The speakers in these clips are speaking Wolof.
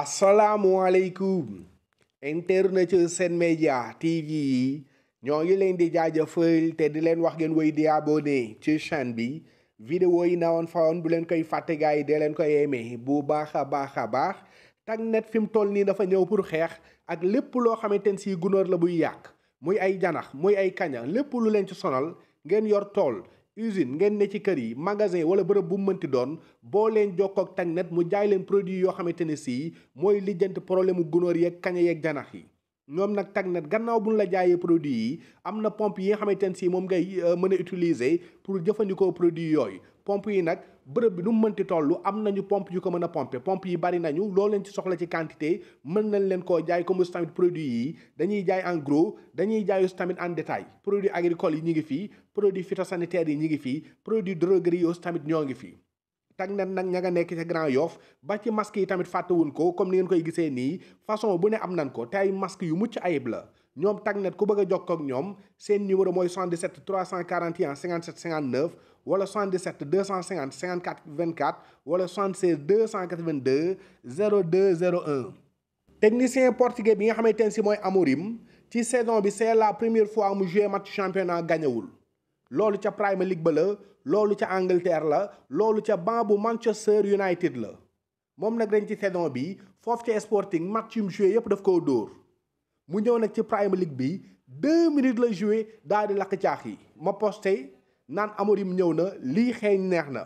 asalaamualeykum internet seen Média TV yi ñoo ngi leen di jaajëfal te di leen wax ngeen wéy di abonné ci chaîne bi vidéo yi nawoon fawoon bu leen koy fàtte gars yi dee leen koy aimé bu baax a baax a baax Tacnet fi mu toll nii dafa ñëw pour xeex ak lépp loo xamante ne si gunóor la buy yàq muy ay janax muy ay kaña lépp lu leen ci sonal ngeen yor tool usine ngeen ne ci kër yi magasin wala bërëb bu mënti doon boo leen jokkoog Tecnet mu jaay leen produit yoo xamante ne sii mooy lijjanti problème mu gunóor yeeg kaña yeeg janax yi ñoom nag Tecnet gannaaw bu ñu la jaayee produit yi am na pompe yi nga xamante ne sii moom ngay euh, mën a utiliser pour jëfandikoo produit yooyu pompe yi nag bërëb bi nu mënti toll am nañu pompe yu ko mën a pompe pompe yi bari nañu loo leen ci soxla ci quantité mën nañ leen koo jaay comme tamit produit yi dañuy jaay en dañuy jaay tamit en détail produit agricole yi ñu ngi fii produit phytosanitaire yi ñu ngi fii produit droguerie yi tamit ñoo ngi fii tag na nag ña nga nekk ca Grand Yoff ba ci masque yi tamit fàttewuñ ko comme ni ngeen koy gisee nii façon bu ne am nan ko te ay masque yu mucc ayib la ñoom Tacnet ku bëgg a jokkoo ñoom seen numéro mooy 77 341 57 59 wala 77 250 54 24 wala 76 282 02 01. technicien portugais bi nga xamante ne si mooy Amorim ci saison bi c'est la première fois mu joué match championnat gañewul loolu ca Premier League ba la loolu ca Angleterre la loolu ca banc bu Manchester United la moom nag ren ci saison bi foofu ca Sporting match yu mu joué yëpp daf koo dóor. mu ñëw nag ci Premier League bi deux minutes la joué daal di lakk caax yi ma posté naan Amorim ñëw na lii xeeñ neex na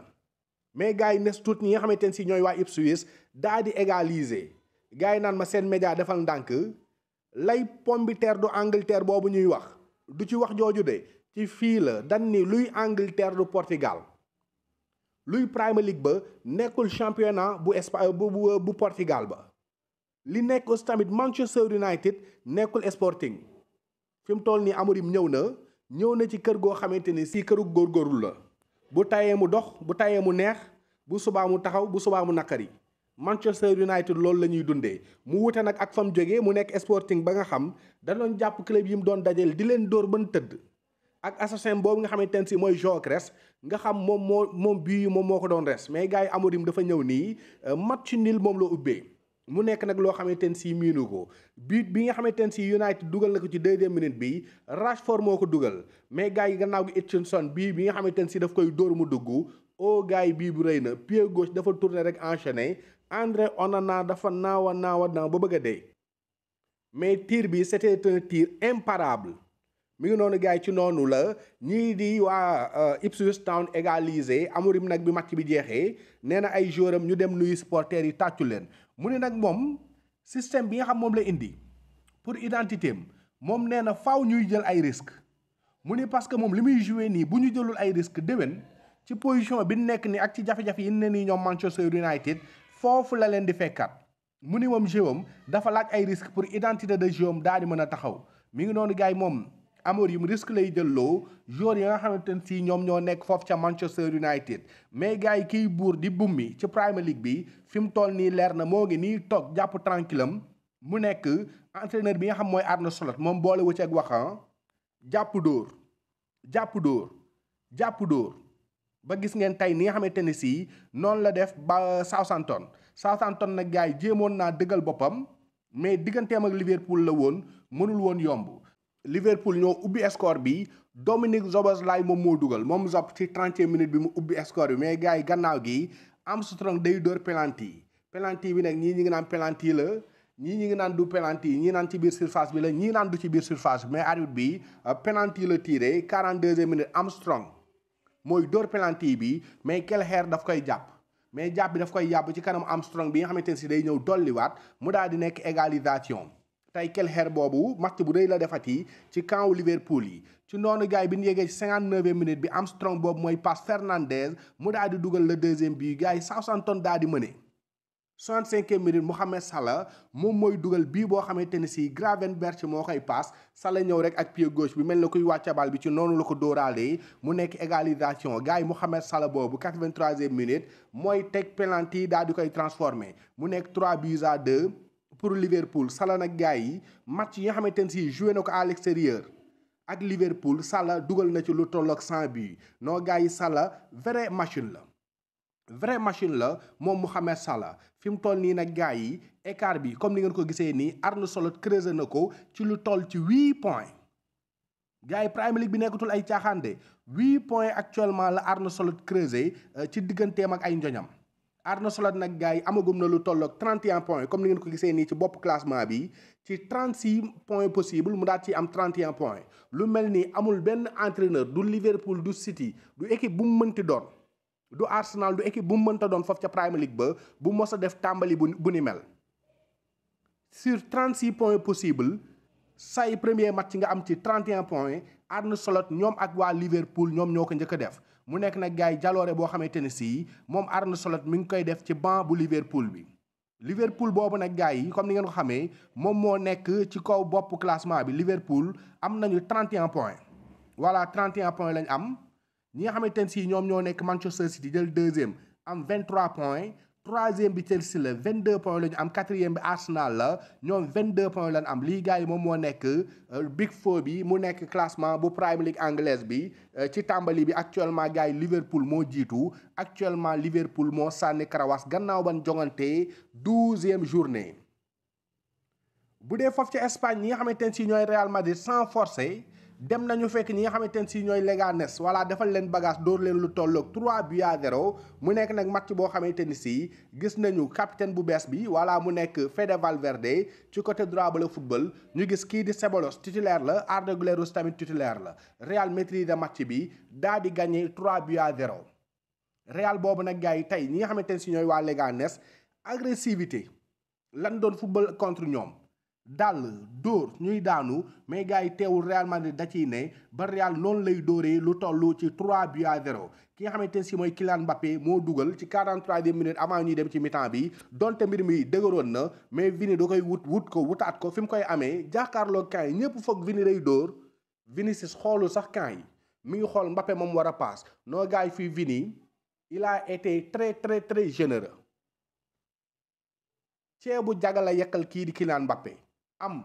mais gars yi nes tuut ñi nga xamante ne si ñooy waa Ipswich daal di égaliser gars yi naan ma seen média defal ndànk lay pombiteer du Angleterre boobu ñuy wax du ci wax jooju de ci fii la dan ni luy Angleterre du Portugal luy Premier League ba nekkul championnat bu Espagne bu bu Portugal ba li nekk tamit Manchester United nekkul Sporting fi mu toll nii Amorim ñëw na ñëw na ci kër goo xamante ni si këru góorgóorlu la bu tayee mu dox bu tayee mu neex bu subaa mu taxaw bu subaa mu naqari Manchester United loolu la ñuy dundee mu wute nag ak fa mu jógee mu nekk Sporting ba nga xam da doon jàpp club yi mu doon dajeel di leen dóor ban tëdd ak assassin boobu nga xamante ne si mooy Gyökeres nga xam moom moo moom bii moom moo ko doon res mais gars yi Amorim dafa ñëw nii euh, match nul moom la ubbee. mu nekk nag loo xamante ne si miinu ko but bi nga xamante ne si United dugal na ko ci deuxième minute bi Rashford moo ko dugal mais gars yi gannaaw gi Hutchinson bii bi nga xamante ne si daf koy dóor mu dugg o oh gars yi bii bu rëy na pied gauche dafa tourner rek enchaîné André naa dafa naawa naawa naaw ba bëgg a dee tiir tir bi c'était un tir imparable mi ngi noonu gars yi ci noonu la ñii di waa euh, Ipswich Town égalisé Amorim nag bi match bi jeexee nee na ay joueur am ñu dem nuyu supporters yi tàccu leen mu ne nag moom système bi nga xam moom la indi pour identité moom nee na faaw ñuy jël ay risques mu ni parce que moom li muy joué nii bu ñu jëlul ay risques déwén ci position bi nekk ni ak ci jafe-jafe yi ne nii ñoom Manchester United foofu la leen di fekkaat mu ni moom jeu dafa laaj ay risques pour identité de jeu am daal mën a taxaw mi ngi noonu gars yi moom. Amorim risque lay jël loo yi nga xamante ne si ñoom ñoo nekk foofu ca Manchester United mais gars yi kiy buur di bummi ci Premier League bi fi mu toll nii leer na moo ngi nii toog jàpp tranquillam mu nekk entraîneur bi nga xam mooy na Slot moom boole wu wax ak jàpp dóor jàpp dóor ba gis ngeen tey ni nga xamante ne si noonu la def ba Southampton Southampton nag gars yi jéemoon naa dëggal boppam mais digganteem ak Liverpool la woon mënul woon yomb Liverpool ñoo ubbi score bi Dominic Szoboszlai moom moo dugal moom Zob ci trentième minute bi mu ubbi score bi mais gars yi gannaaw gi Armstrong day dóor penalty pelanti bi nag ñii ñi ngi naan pelanti la ñii ñi ngi naan du penalty ñii naan ci biir surface bi la ñii naan du ci biir surface bi mais arbitre bi euh, penalty la tiré quarante deuxième minute Armstrong mooy dóor penalty bi mais Kelleher daf koy jàpp mais jàpp bi daf koy yàbb ci kanam Armstrong bi nga xamante ne si day ñëw dolliwaat mu daal di nekk égalisation tey Kelleher boobu match bu rëy la defati ci camp Liverpool yi ci noonu gars bi ñu yegee ci cinquante neuvième minute bi Armstrong boobu mooy passe Fernandez mu daal di dugal la deuxième bi gars yi Southampton daal di mëne. soixante cinquième minute Mohamed Salah moom mooy dugal bii boo xamante ne si Gravenberch moo koy paas sala ñëw rek ak pied gauche bi mel na kuy wàcca bal bi ci noonu la ko dóoraalee mu nekk égalisation gars yi Mohamed Salah boobu quatre-vingt-troisième minute mooy teg penalty daal di koy transformé mu nekk 3 buts à 2. pour Liverpool Salah nag gars yi match yi nga xamante ne si joué na ko à l'extérieur ak Liverpool Salah dugal na ci lu tolloog 100 buts noo gars yi Salah vrai machine la. vrai machine la moom Mohamed Salah fi mu toll nii nag gars yi écart bi comme ni ngeen ko gisee nii Arne Slot creusé na ko ci lu toll ci huit points gars yi Premier bi nekkatul ay caaxaan de huit points actuellement la Arne Slot creusé euh, ci digganteem ak ay njoñam. Arna Slot nag gars yi amagum na lu tolloog 31 points comme ni ngeen ko gisee nii ci bopp classement bi ci 36 possible mu daal ci am 31 lu mel ni amul benn entraîneur du Liverpool du City du équipe bu mu mënti doon du Arsenal du équipe bu mu mënta doon foofu ca Premier ba bu mos a def tàmbali bu bu ni mel sur point points possible say premier match nga am ci 31 points Arne Slot ñoom ak waa Liverpool ñoom ñoo ko njëkk def. mu nekk nag gars yi jaloore boo xamante ne sii moom Arne Slot mi ngi koy def ci banc bu Liverpool bi. Liverpool boobu nag gars yi comme ni ngeen ko xamee moom moo nekk ci kaw bopp classement bi Liverpool am nañu 31 points voilà 31 points lañ am ñi nga xamante ne sii ñoom ñoo nekk Manchester City jël deuxième am 23 points. troisième bi Chelsea la 22 points la ñu am quatrième bi Arsenal la ñoom 22 points la ñu am lii gars moom moo nekk euh, Big Four bi mu nekk classement bu Premier League anglaise bi euh, ci tàmbali bi actuellement gars yi Liverpool moo jiitu actuellement Liverpool moo sànni karawaas gannaaw ban jongante douzième journée bu dee foofu ci Espagne ñi nga xamante ne si ñooy Real Madrid sans forcer. dem nañu fekk ñi nga xamante ne si ñooy Leganés voilà defal leen bagage dóor leen lu tolloog 3 buts à mu nekk nag match boo xamante ni si gis nañu capitaine bu bees bi wala mu nekk Fede Valverde ci côté droit ba la football ñu gis kii di Ceballos titulaire la Arda Güler tamit titulaire la Real maîtrise de match bi daa di gagné 3 buts à Real boobu nag gars yi tey ñi nga xamante ne si ñooy waa Leganés agressivité lan doon football contre ñoom. dàll dóor ñuy daanu mais gars yi teewul Real Madrid da ciy ne ba Real noonu lay dóoree lu tollu ci 3 buts à 0 ki nga xamante ne si mooy Kylian Mbappé moo dugal ci 43e avant ñuy dem ci mi bi donte mbir mi dëgëroon na mais Vini da koy wut wut ko wutaat ko fi mu koy amee jàkkaarloo camp yi ñëpp foog Vini day dóor Vinicius xoolu sax camp yi mi ngi xool Mbappé moom war a paas noo gars yi fii Vini il a été très très très généreux ceebu jagal a yekkal kii di Kylian am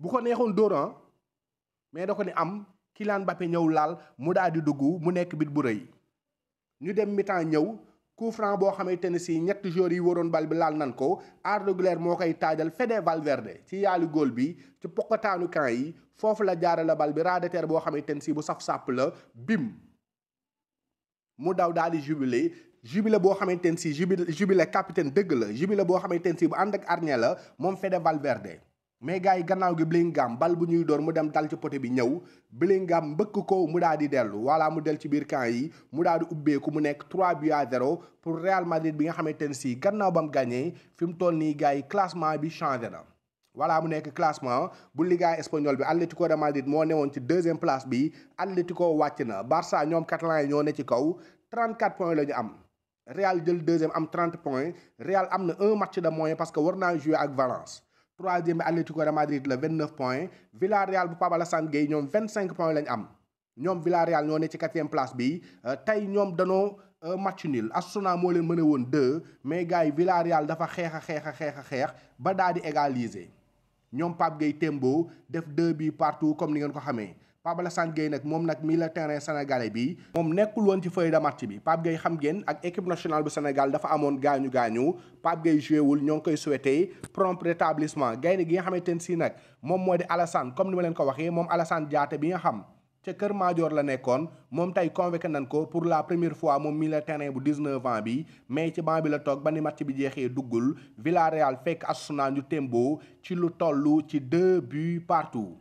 bu ko neexoon dóoran ah, mais da ko ni am kilaan Mbappé ñëw laal mu daal di dugg mu nekk bit bu rëy ñu dem mi ñëw coup franc boo xamante ne si ñetti joueurs yi waroon bal bi laal nan ko Arda Güler moo koy taajal Fede Valverde ci yaalu góol bi ci poqataanu kan yi foofu la jaare la bal bi ras boo xamante ne si bu saf-sàpp la bim mu daw daal di jubilé jubile boo xamante ne si jubile jubile capitaine dëgg la jubile boo xamante ne si bu ànd ak arne la moom Fede Valverde mais gars yi gannaaw gi Bellingham bal bu ñuy door mu dem dal ci poté bi ñëw Bellingham mbëkk ko mu daal di dellu voilà mu dell ci biir camp yi mu daal di ubbeeku mu nekk 3 buts à 0 pour Real Madrid bi nga xamante ne si gannaaw bam mu gagné fi mu toll nii gars yi classement bi changé na. voilà mu nekk classement bu Liga espagnol bi Atlético de Madrid moo newoon ci deuxième place bi Atlético wàcc na Barça ñoom catalan yi ñoo ne ci kaw 34 points la ñu am. Real jël deuxième am 30 points Real am na un match de moins parce que war naa jouer ak Valence troisième bi Atlético de Madrid la 29 points Villarreal bu Pape Alassane Gueye ñoom 25 points am ñoom Villarreal ñoo ne ci quatrième place bi euh, tey ñoom danoo euh, match nul Osasuna moo leen mën a woon deux mais gars yi Villarreal dafa xeex a xeex a xeex a xeex ba daal di égaliser ñoom Pape Gueye Tembo def deux bi partout comme ni ngeen ko xamee. Pape Alassane Gueye moom nag mi la terrain sénégalais bi moom nekkul woon ci feuille de match bi Pape Gueye xam ngeen ak équipe nationale bu Sénégal dafa amoon gaañu gaañu Pape Gueye joué wul ñoo ngi koy souhaité prompt rétablissement gaynde gi nga xamante ne si nag moom moo di Alassane comme ni ma leen ko waxee moom Alassane Diaté bi nga xam ca Kër Madior la nekkoon moom tey convoqué nañ ko pour la première fois moom milieu terrain bu 19 ans bi mais ci banc bi la toog ba ni match bi jeexee duggul Villarreal fekk Osasuna ñu tembo ci lu toll ci deux buts partout.